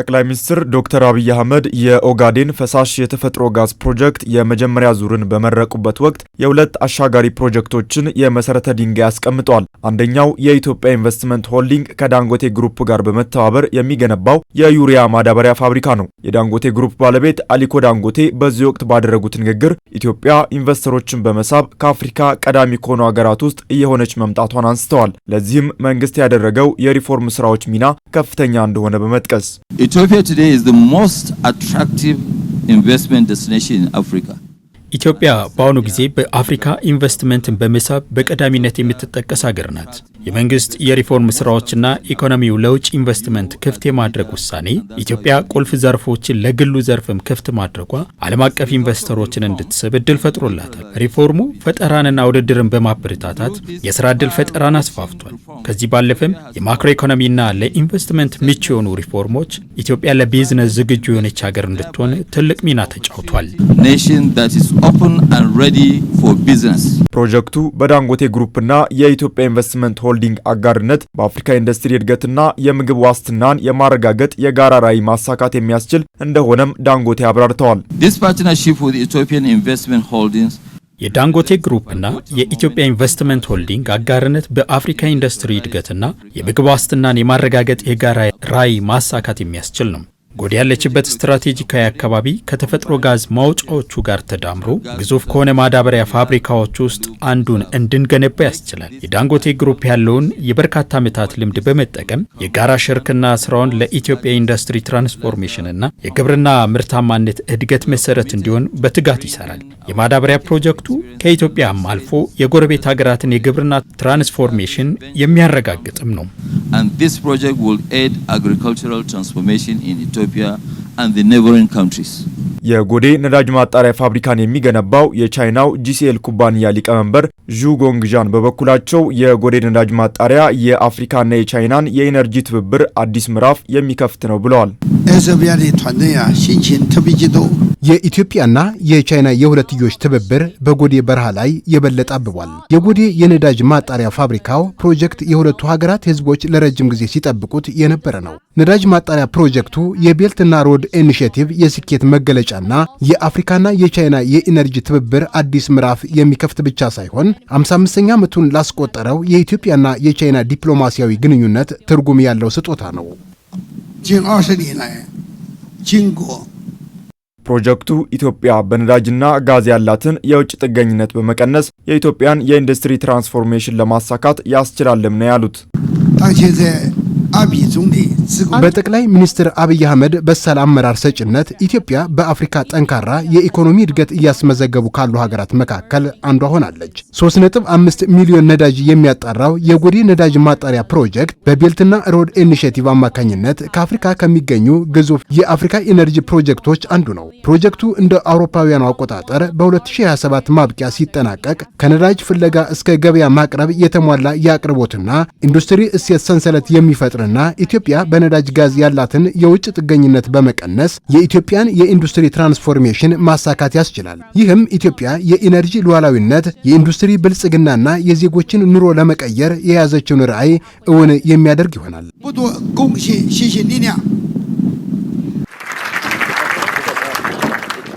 ጠቅላይ ሚኒስትር ዶክተር አብይ አህመድ የኦጋዴን ፈሳሽ የተፈጥሮ ጋዝ ፕሮጀክት የመጀመሪያ ዙርን በመረቁበት ወቅት የሁለት አሻጋሪ ፕሮጀክቶችን የመሰረተ ድንጋይ አስቀምጧል። አንደኛው የኢትዮጵያ ኢንቨስትመንት ሆልዲንግ ከዳንጎቴ ግሩፕ ጋር በመተባበር የሚገነባው የዩሪያ ማዳበሪያ ፋብሪካ ነው። የዳንጎቴ ግሩፕ ባለቤት አሊኮ ዳንጎቴ በዚህ ወቅት ባደረጉት ንግግር ኢትዮጵያ ኢንቨስተሮችን በመሳብ ከአፍሪካ ቀዳሚ ከሆኑ ሀገራት ውስጥ እየሆነች መምጣቷን አንስተዋል። ለዚህም መንግስት ያደረገው የሪፎርም ስራዎች ሚና ከፍተኛ እንደሆነ በመጥቀስ Ethiopia today is the most attractive investment destination in Africa. ኢትዮጵያ በአሁኑ ጊዜ በአፍሪካ ኢንቨስትመንትን በመሳብ በቀዳሚነት የምትጠቀስ ሀገር ናት። የመንግስት የሪፎርም ስራዎችና ኢኮኖሚው ለውጭ ኢንቨስትመንት ክፍት የማድረግ ውሳኔ ኢትዮጵያ ቁልፍ ዘርፎችን ለግሉ ዘርፍም ክፍት ማድረጓ ዓለም አቀፍ ኢንቨስተሮችን እንድትስብ እድል ፈጥሮላታል። ሪፎርሙ ፈጠራንና ውድድርን በማበረታታት የስራ እድል ፈጠራን አስፋፍቷል። ከዚህ ባለፈም የማክሮ ኢኮኖሚና ለኢንቨስትመንት ምቹ የሆኑ ሪፎርሞች ኢትዮጵያ ለቢዝነስ ዝግጁ የሆነች ሀገር እንድትሆን ትልቅ ሚና ተጫውቷል። ኦፕን and ready for business። ፕሮጀክቱ በዳንጎቴ ግሩፕና የኢትዮጵያ ኢንቨስትመንት ሆልዲንግ አጋርነት በአፍሪካ ኢንዱስትሪ እድገትና የምግብ ዋስትናን የማረጋገጥ የጋራ ራዕይ ማሳካት የሚያስችል እንደሆነም ዳንጎቴ አብራርተዋል። This partnership with Ethiopian Investment Holdings የዳንጎቴ ግሩፕና የኢትዮጵያ ኢንቨስትመንት ሆልዲንግ አጋርነት በአፍሪካ ኢንዱስትሪ እድገትና የምግብ ዋስትናን የማረጋገጥ የጋራ ራዕይ ማሳካት የሚያስችል ነው። ጎድ ያለችበት ስትራቴጂካዊ አካባቢ ከተፈጥሮ ጋዝ ማውጫዎቹ ጋር ተዳምሮ ግዙፍ ከሆነ ማዳበሪያ ፋብሪካዎች ውስጥ አንዱን እንድንገነባ ያስችላል። የዳንጎቴ ግሩፕ ያለውን የበርካታ ዓመታት ልምድ በመጠቀም የጋራ ሽርክና ስራውን ለኢትዮጵያ ኢንዱስትሪ ትራንስፎርሜሽንና የግብርና ምርታማነት እድገት መሰረት እንዲሆን በትጋት ይሰራል። የማዳበሪያ ፕሮጀክቱ ከኢትዮጵያም አልፎ የጎረቤት ሀገራትን የግብርና ትራንስፎርሜሽን የሚያረጋግጥም ነው። Ethiopia and the neighboring countries. የጎዴ ነዳጅ ማጣሪያ ፋብሪካን የሚገነባው የቻይናው ጂሲኤል ኩባንያ ሊቀመንበር ዡ ጎንግዣን በበኩላቸው የጎዴ ነዳጅ ማጣሪያ የአፍሪካና የቻይናን የኢነርጂ ትብብር አዲስ ምዕራፍ የሚከፍት ነው ብለዋል። የኢትዮጵያና የቻይና የሁለትዮሽ ትብብር በጎዴ በረሃ ላይ የበለጠ አብቧል። የጎዴ የነዳጅ ማጣሪያ ፋብሪካው ፕሮጀክት የሁለቱ ሀገራት ሕዝቦች ለረጅም ጊዜ ሲጠብቁት የነበረ ነው። ነዳጅ ማጣሪያ ፕሮጀክቱ የቤልትና ሮድ ኢኒሽቲቭ የስኬት መገለጫና የአፍሪካና የቻይና የኢነርጂ ትብብር አዲስ ምዕራፍ የሚከፍት ብቻ ሳይሆን 55ኛ ዓመቱን ላስቆጠረው የኢትዮጵያና የቻይና ዲፕሎማሲያዊ ግንኙነት ትርጉም ያለው ስጦታ ነው። ፕሮጀክቱ ኢትዮጵያ በነዳጅና ጋዝ ያላትን የውጭ ጥገኝነት በመቀነስ የኢትዮጵያን የኢንዱስትሪ ትራንስፎርሜሽን ለማሳካት ያስችላልም ነው ያሉት። በጠቅላይ ሚኒስትር አብይ አህመድ በሳል አመራር ሰጭነት ኢትዮጵያ በአፍሪካ ጠንካራ የኢኮኖሚ እድገት እያስመዘገቡ ካሉ ሀገራት መካከል አንዷ ሆናለች። 3.5 ሚሊዮን ነዳጅ የሚያጣራው የጎዴ ነዳጅ ማጣሪያ ፕሮጀክት በቤልትና ሮድ ኢኒሽቲቭ አማካኝነት ከአፍሪካ ከሚገኙ ግዙፍ የአፍሪካ ኢነርጂ ፕሮጀክቶች አንዱ ነው። ፕሮጀክቱ እንደ አውሮፓውያኑ አቆጣጠር በ2027 ማብቂያ ሲጠናቀቅ ከነዳጅ ፍለጋ እስከ ገበያ ማቅረብ የተሟላ የአቅርቦትና ኢንዱስትሪ እሴት ሰንሰለት የሚፈጥር በመፍጠርና ኢትዮጵያ በነዳጅ ጋዝ ያላትን የውጭ ጥገኝነት በመቀነስ የኢትዮጵያን የኢንዱስትሪ ትራንስፎርሜሽን ማሳካት ያስችላል። ይህም ኢትዮጵያ የኢነርጂ ሉዓላዊነት፣ የኢንዱስትሪ ብልጽግናና የዜጎችን ኑሮ ለመቀየር የያዘችውን ራዕይ እውን የሚያደርግ ይሆናል።